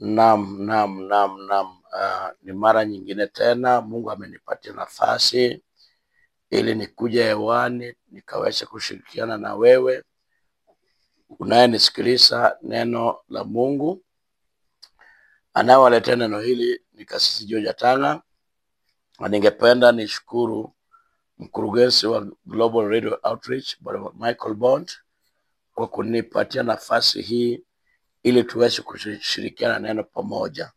Naam, naam, naam, naam. Uh, ni mara nyingine tena Mungu amenipatia nafasi ili nikuje hewani nikaweze kushirikiana na wewe unayenisikiliza neno la Mungu. Anayewaletea neno hili ni Kasisi joja Tanga, na ningependa nishukuru mkurugenzi wa Global Radio Outreach Bwana Michael Bond kwa kunipatia nafasi hii ili tuweze kushirikiana neno pamoja.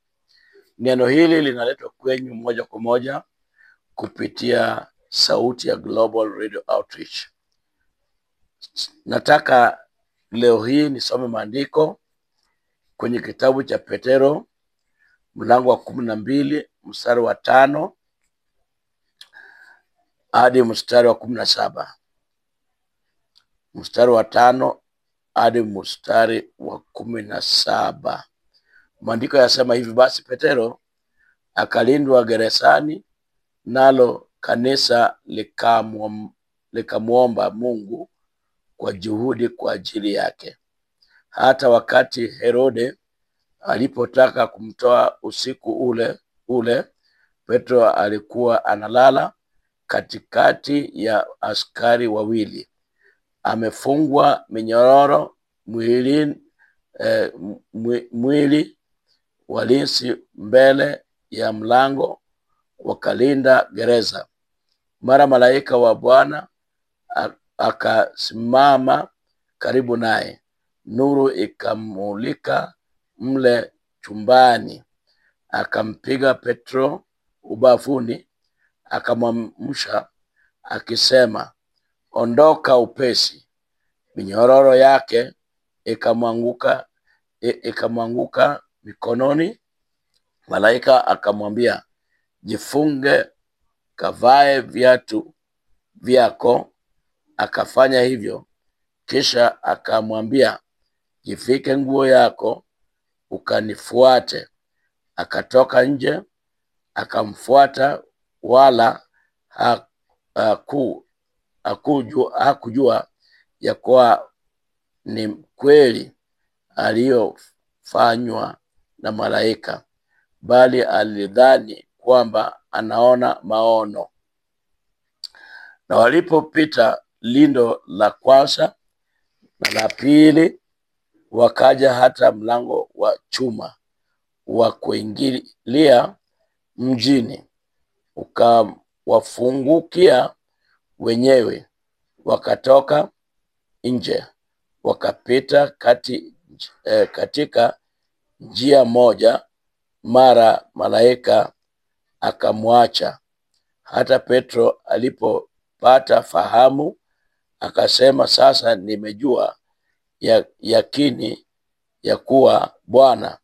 Neno hili linaletwa kwenyu moja kwa moja kupitia sauti ya Global Radio Outreach. Nataka leo hii nisome maandiko kwenye kitabu cha Petero mlango wa kumi na mbili mstari wa tano hadi mstari wa kumi na saba mstari wa tano hadi mstari wa kumi na saba. Maandiko yasema hivi: basi Petero akalindwa gerezani, nalo kanisa likamwomba Mungu kwa juhudi kwa ajili yake. Hata wakati Herode alipotaka kumtoa usiku ule ule, Petro alikuwa analala katikati ya askari wawili amefungwa minyororo eh, mwili eh, mwili walinzi mbele ya mlango wakalinda gereza. Mara malaika wa Bwana akasimama karibu naye, nuru ikamulika mle chumbani. Akampiga Petro ubavuni, akamwamsha akisema, ondoka upesi. Minyororo yake ikamwanguka ikamwanguka mikononi. Malaika akamwambia, jifunge, kavae viatu vyako. Akafanya hivyo, kisha akamwambia, jifike nguo yako, ukanifuate. Akatoka nje, akamfuata, wala haku hakujua, hakujua ya kuwa ni kweli aliyofanywa na malaika, bali alidhani kwamba anaona maono. Na walipopita lindo la kwanza na la pili, wakaja hata mlango wa chuma wa kuingilia mjini, ukawafungukia wenyewe wakatoka nje wakapita kati, eh, katika njia moja, mara malaika akamwacha. Hata Petro alipopata fahamu akasema, sasa nimejua ya, yakini ya kuwa Bwana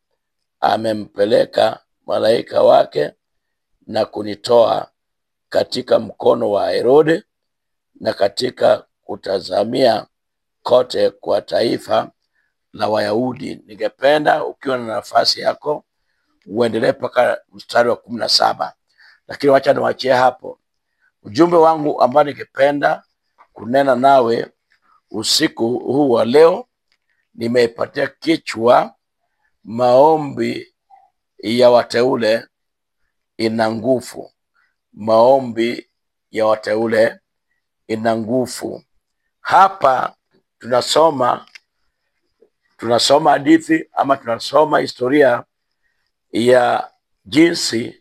amempeleka malaika wake na kunitoa katika mkono wa Herode na katika kutazamia kote kwa taifa la Wayahudi. Ningependa ukiwa na nafasi yako uendelee mpaka mstari wa kumi na saba, lakini wacha niwachie hapo. Ujumbe wangu ambao ningependa kunena nawe usiku huu wa leo, nimeipatia kichwa maombi ya wateule ina nguvu. Maombi ya wateule ina nguvu. Hapa tunasoma tunasoma hadithi ama tunasoma historia ya jinsi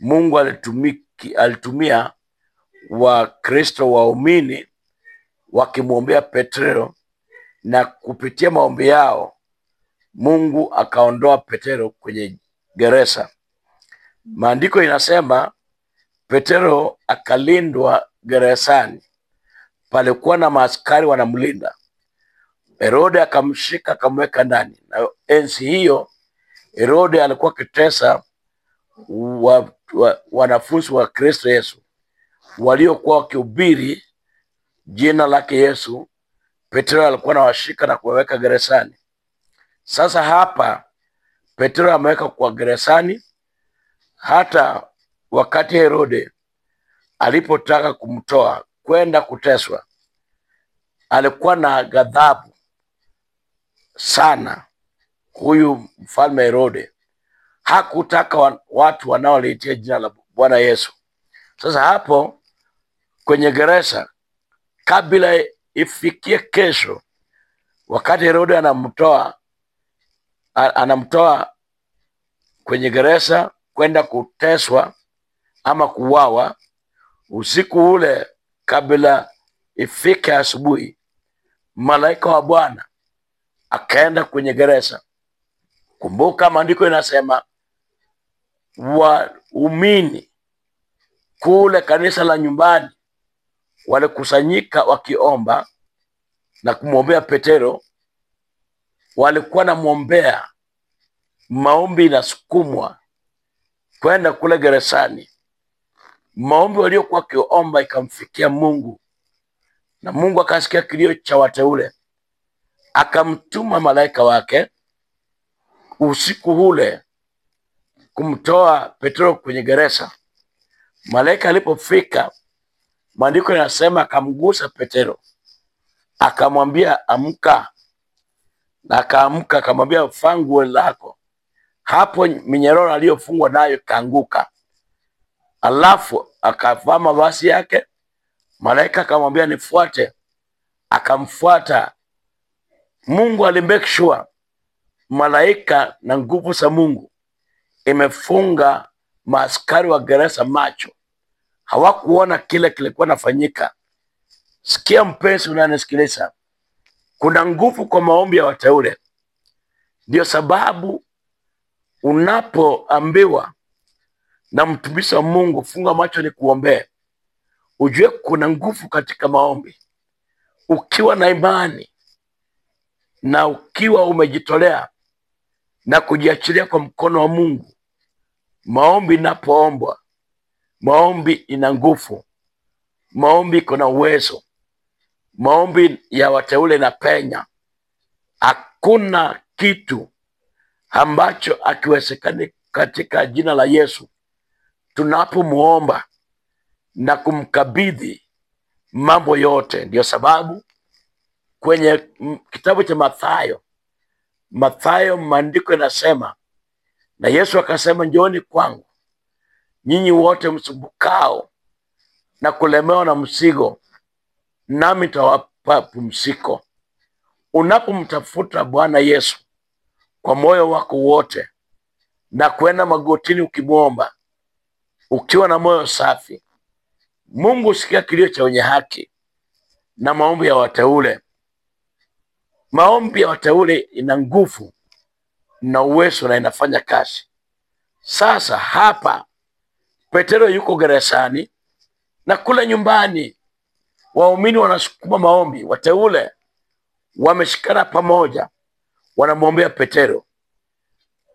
Mungu alitumiki, alitumia Wakristo waumini wakimwombea Petero na kupitia maombi yao Mungu akaondoa Petero kwenye gereza. Maandiko inasema Petero akalindwa gerezani palikuwa na maaskari wanamlinda. Herode akamshika akamweka ndani, na enzi hiyo Herode alikuwa akitesa wa, wa, wanafunzi wa Kristo Yesu waliokuwa wakihubiri jina lake Yesu. Petro alikuwa anawashika na kuwaweka gerezani. Sasa hapa Petro ameweka kwa gerezani. Hata wakati Herode alipotaka kumtoa kwenda kuteswa. Alikuwa na ghadhabu sana huyu mfalme Herode, hakutaka watu wanaoliitia jina la Bwana Yesu. Sasa hapo kwenye gereza, kabla ifikie kesho, wakati Herode anamtoa anamtoa kwenye gereza kwenda kuteswa ama kuuawa, usiku ule kabla ifike asubuhi, malaika wa Bwana akaenda kwenye gereza. Kumbuka maandiko inasema waumini kule kanisa la nyumbani walikusanyika wakiomba na kumwombea Petero. Walikuwa namwombea, maombi inasukumwa kwenda kule gerezani maombi waliokuwa wakiomba ikamfikia Mungu, na Mungu akasikia kilio cha wateule, akamtuma malaika wake usiku ule kumtoa Petro kwenye gereza. Malaika alipofika, maandiko yanasema akamgusa Petero, akamwambia amka, na akaamka. Akamwambia faa nguo lako. Hapo minyororo aliyofungwa nayo ikaanguka. Alafu akavaa mavazi yake, malaika akamwambia nifuate, akamfuata. Mungu alimake sure malaika na nguvu za Mungu imefunga maaskari wa gereza macho, hawakuona kile kilikuwa nafanyika. Sikia mpenzi unanisikiliza, kuna nguvu kwa maombi ya wateule. Ndio sababu unapoambiwa na mtumishi wa Mungu, funga macho ni kuombee. Ujue kuna nguvu katika maombi. Ukiwa na imani na ukiwa umejitolea na kujiachilia kwa mkono wa Mungu, maombi inapoombwa, maombi ina nguvu, maombi iko na uwezo, maombi ya wateule na penya. Hakuna kitu ambacho akiwezekani katika jina la Yesu tunapomwomba na kumkabidhi mambo yote. ndio sababu kwenye kitabu cha Mathayo, Mathayo maandiko yanasema, na Yesu akasema, njooni kwangu nyinyi wote msumbukao na kulemewa na msigo, nami tawapa pumziko. Unapomtafuta Bwana Yesu kwa moyo wako wote na kwenda magotini ukimwomba ukiwa na moyo safi. Mungu husikia kilio cha wenye haki na maombi ya wateule. Maombi ya wateule ina nguvu na uwezo na inafanya kazi. Sasa hapa Petero yuko gerezani na kule nyumbani waumini wanasukuma maombi, wateule wameshikana pamoja, wanamwombea Petero.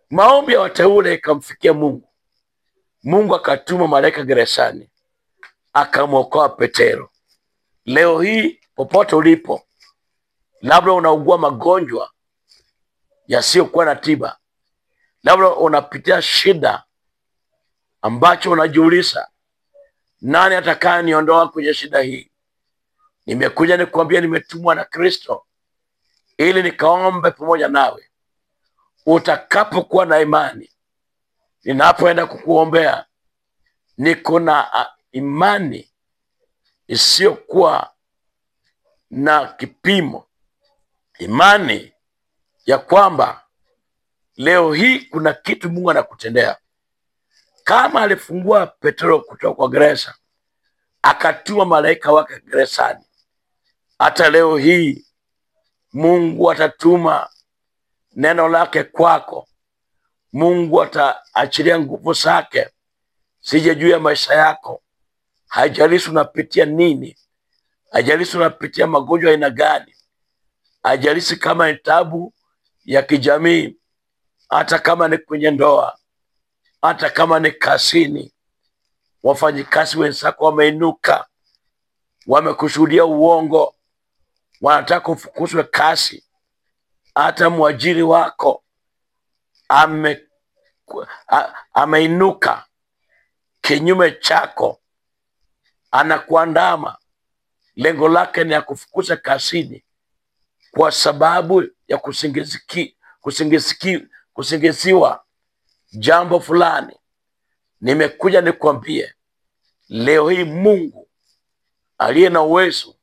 Maombi ya wateule ikamfikia Mungu. Mungu akatuma malaika gerezani akamwokoa Petero. Leo hii popote ulipo, labda unaugua magonjwa yasiyokuwa na tiba, labda unapitia shida ambacho unajiuliza nani atakaye niondoa kwenye shida hii? Nimekuja nikuambia, nimetumwa na Kristo ili nikaombe pamoja nawe. Utakapokuwa na imani, ninapoenda kukuombea niko na imani isiyokuwa na kipimo, imani ya kwamba leo hii kuna kitu Mungu anakutendea. Kama alifungua Petro kutoka kwa gereza akatuma malaika wake gerezani, hata leo hii Mungu atatuma neno lake kwako Mungu ataachilia nguvu zake sije juu ya maisha yako. Haijalishi unapitia nini, haijalishi unapitia magonjwa aina gani, haijalishi kama ni tabu ya kijamii, hata kama ni kwenye ndoa, hata kama ni kazini. Wafanyikazi wenzako wameinuka, wamekushuhudia uongo, wanataka ufukuzwe kazi. Hata mwajiri wako ame ameinuka kinyume chako, anakuandama. Lengo lake ni ya kufukuza kazini kwa sababu ya kusingiziwa jambo fulani. Nimekuja nikwambie leo hii, Mungu aliye na uwezo,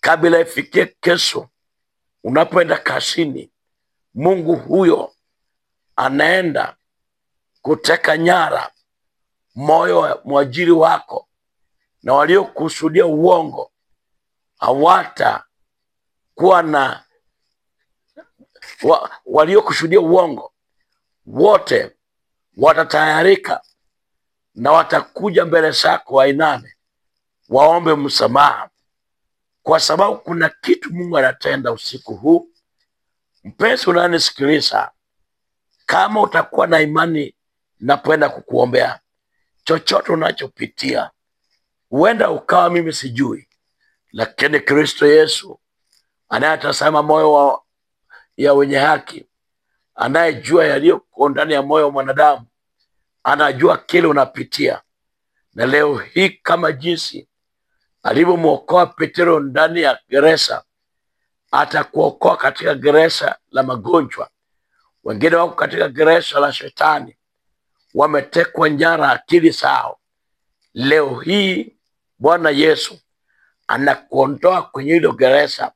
kabla ifikie kesho unapoenda kazini, Mungu huyo anaenda kuteka nyara moyo wa mwajiri wako, na waliokusudia uongo hawatakuwa na wa, waliokusudia uongo wote watatayarika na watakuja mbele zako wainame waombe msamaha, kwa sababu kuna kitu Mungu anatenda usiku huu. Mpenzi unanisikiliza, kama utakuwa na imani, napenda kukuombea chochote unachopitia. Huenda ukawa mimi sijui, lakini Kristo Yesu anayetazama moyo wa ya wenye haki, anayejua yaliyoko ndani ya moyo wa mwanadamu, anajua kile unapitia. Na leo hii kama jinsi alivyomwokoa Petero ndani ya gereza, atakuokoa katika gereza la magonjwa wengine wako katika gereza la shetani, wametekwa nyara akili zao. Leo hii Bwana Yesu anakuondoa kwenye hilo gereza,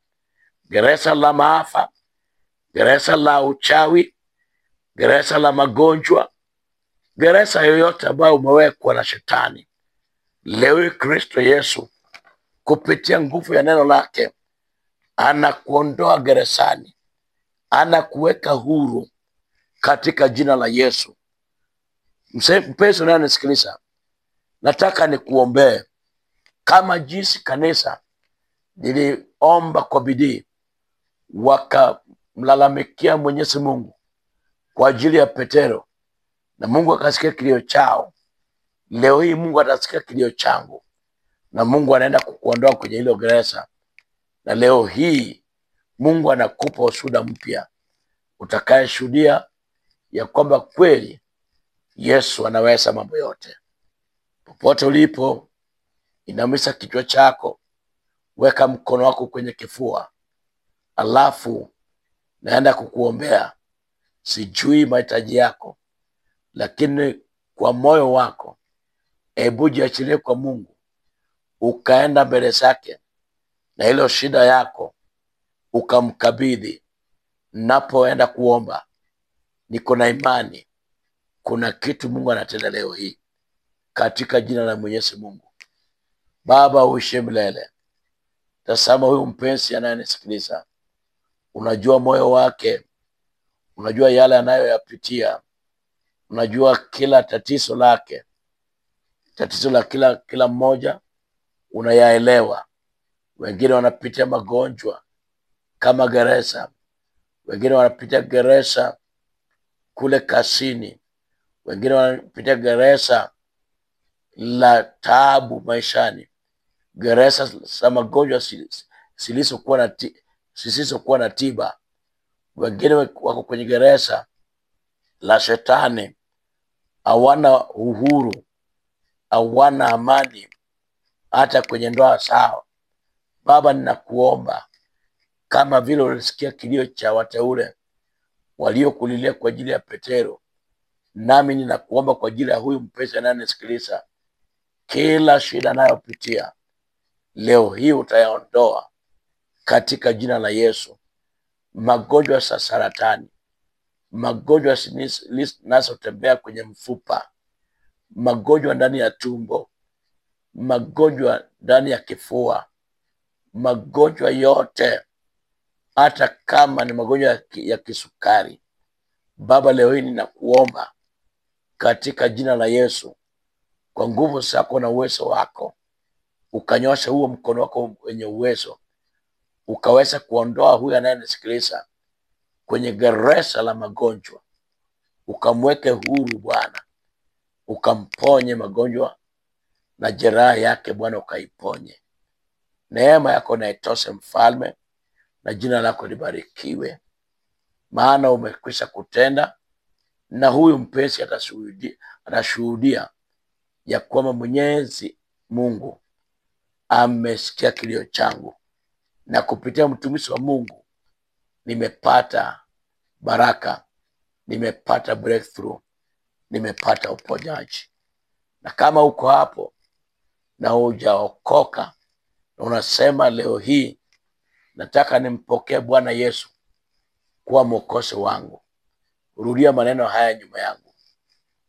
gereza la maafa, gereza la uchawi, gereza la magonjwa, gereza yoyote ambayo umewekwa na shetani. Leo hii Kristo Yesu kupitia nguvu ya neno lake anakuondoa gerezani, anakuweka huru, katika jina la Yesu. Mpenzi unayenisikiliza, nataka nikuombee kama jinsi kanisa liliomba kwa bidii, wakamlalamikia Mwenyezi Mungu kwa ajili ya Petero na Mungu akasikia kilio chao. Leo hii Mungu atasikia kilio changu, na Mungu anaenda kukuondoa kwenye hilo gereza, na leo hii Mungu anakupa ushuhuda mpya utakayeshuhudia ya kwamba kweli Yesu anaweza mambo yote. Popote ulipo, inamisa kichwa chako, weka mkono wako kwenye kifua, alafu naenda kukuombea. Sijui mahitaji yako, lakini kwa moyo wako, hebu jiachilie kwa Mungu, ukaenda mbele zake na hilo shida yako ukamkabidhi. Napoenda kuomba Niko na imani kuna kitu Mungu anatenda leo hii katika jina la Mwenyezi Mungu. Baba uishe milele. Tazama huyu mpenzi anayenisikiliza, unajua moyo wake, unajua yale anayoyapitia, unajua kila tatizo lake, tatizo la kila kila mmoja unayaelewa. Wengine wanapitia magonjwa kama gereza, wengine wanapitia gereza kule Kasini, wengine wanapitia gereza la taabu maishani, gereza za magonjwa zisizokuwa na zisizokuwa na tiba, wengine wako kwenye gereza la shetani, hawana uhuru, hawana amani hata kwenye ndoa zao. Baba, ninakuomba kama vile ulisikia kilio cha wateule waliokulilia kwa ajili ya Petero, nami ninakuomba kwa ajili ya huyu mpesa anayenisikiliza, kila shida anayopitia leo hii utayaondoa katika jina la Yesu. Magonjwa ya saratani, magonjwa nasotembea kwenye mfupa, magonjwa ndani ya tumbo, magonjwa ndani ya kifua, magonjwa yote hata kama ni magonjwa ya kisukari. Baba, leo hii ninakuomba katika jina la Yesu, kwa nguvu zako na uwezo wako, ukanyosha huo mkono wako wenye uwezo, ukaweza kuondoa huyu anayenisikiliza kwenye gereza la magonjwa, ukamweke huru Bwana, ukamponye magonjwa na jeraha yake Bwana, ukaiponye. Neema yako na Mfalme, na jina lako libarikiwe, maana umekwisha kutenda, na huyu mpesi atashuhudia, atashuhudia ya kwamba Mwenyezi Mungu amesikia kilio changu, na kupitia mtumishi wa Mungu nimepata baraka, nimepata breakthrough, nimepata uponyaji. Na kama uko hapo na hujaokoka na unasema leo hii nataka nimpokee Bwana Yesu kuwa mwokozi wangu. Rudia maneno haya nyuma yangu,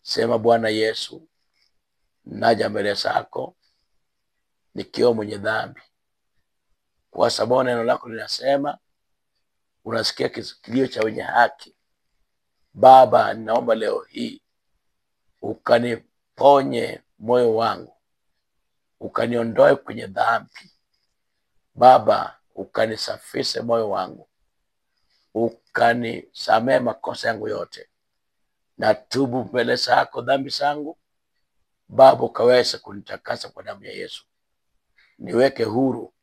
sema: Bwana Yesu, naja mbele zako nikiwa mwenye dhambi, kwa sababu neno lako linasema unasikia kilio cha wenye haki. Baba, ninaomba leo hii ukaniponye moyo wangu, ukaniondoe kwenye dhambi. Baba, ukanisafishe moyo wangu, ukanisamee makosa yangu yote, na tubu mbele zako dhambi zangu Baba, ukaweze kunitakasa kwa damu ya Yesu, niweke huru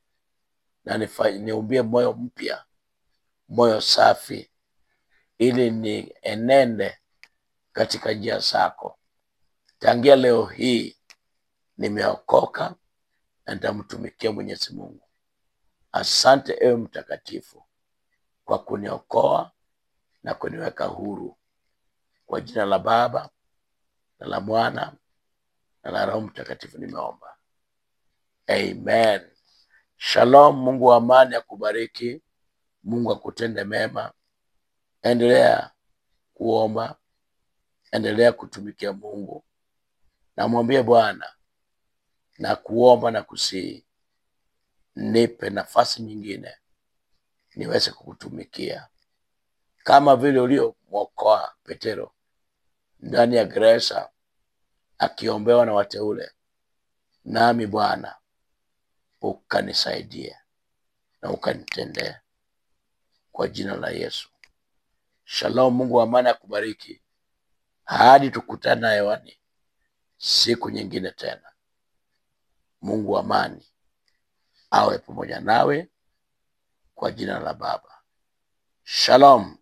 na niumbie moyo mpya, moyo safi, ili nienende katika njia zako. Tangia leo hii nimeokoka na nitamtumikia Mwenyezi Mungu. Asante ewe Mtakatifu kwa kuniokoa na kuniweka huru, kwa jina la Baba na la Mwana na la Roho Mtakatifu nimeomba, amen. Shalom, Mungu wa amani akubariki, Mungu akutende mema. Endelea kuomba, endelea kutumikia Mungu, namwambie Bwana na kuomba na kusihi nipe nafasi nyingine niweze kukutumikia kama vile uliomwokoa Petero ndani ya gereza akiombewa na wateule, nami Bwana ukanisaidia na ukanitendea kwa jina la Yesu. Shalom, Mungu wa amani akubariki hadi tukutana hewani siku nyingine tena. Mungu wa amani awe pamoja nawe, kwa jina la Baba. Shalom.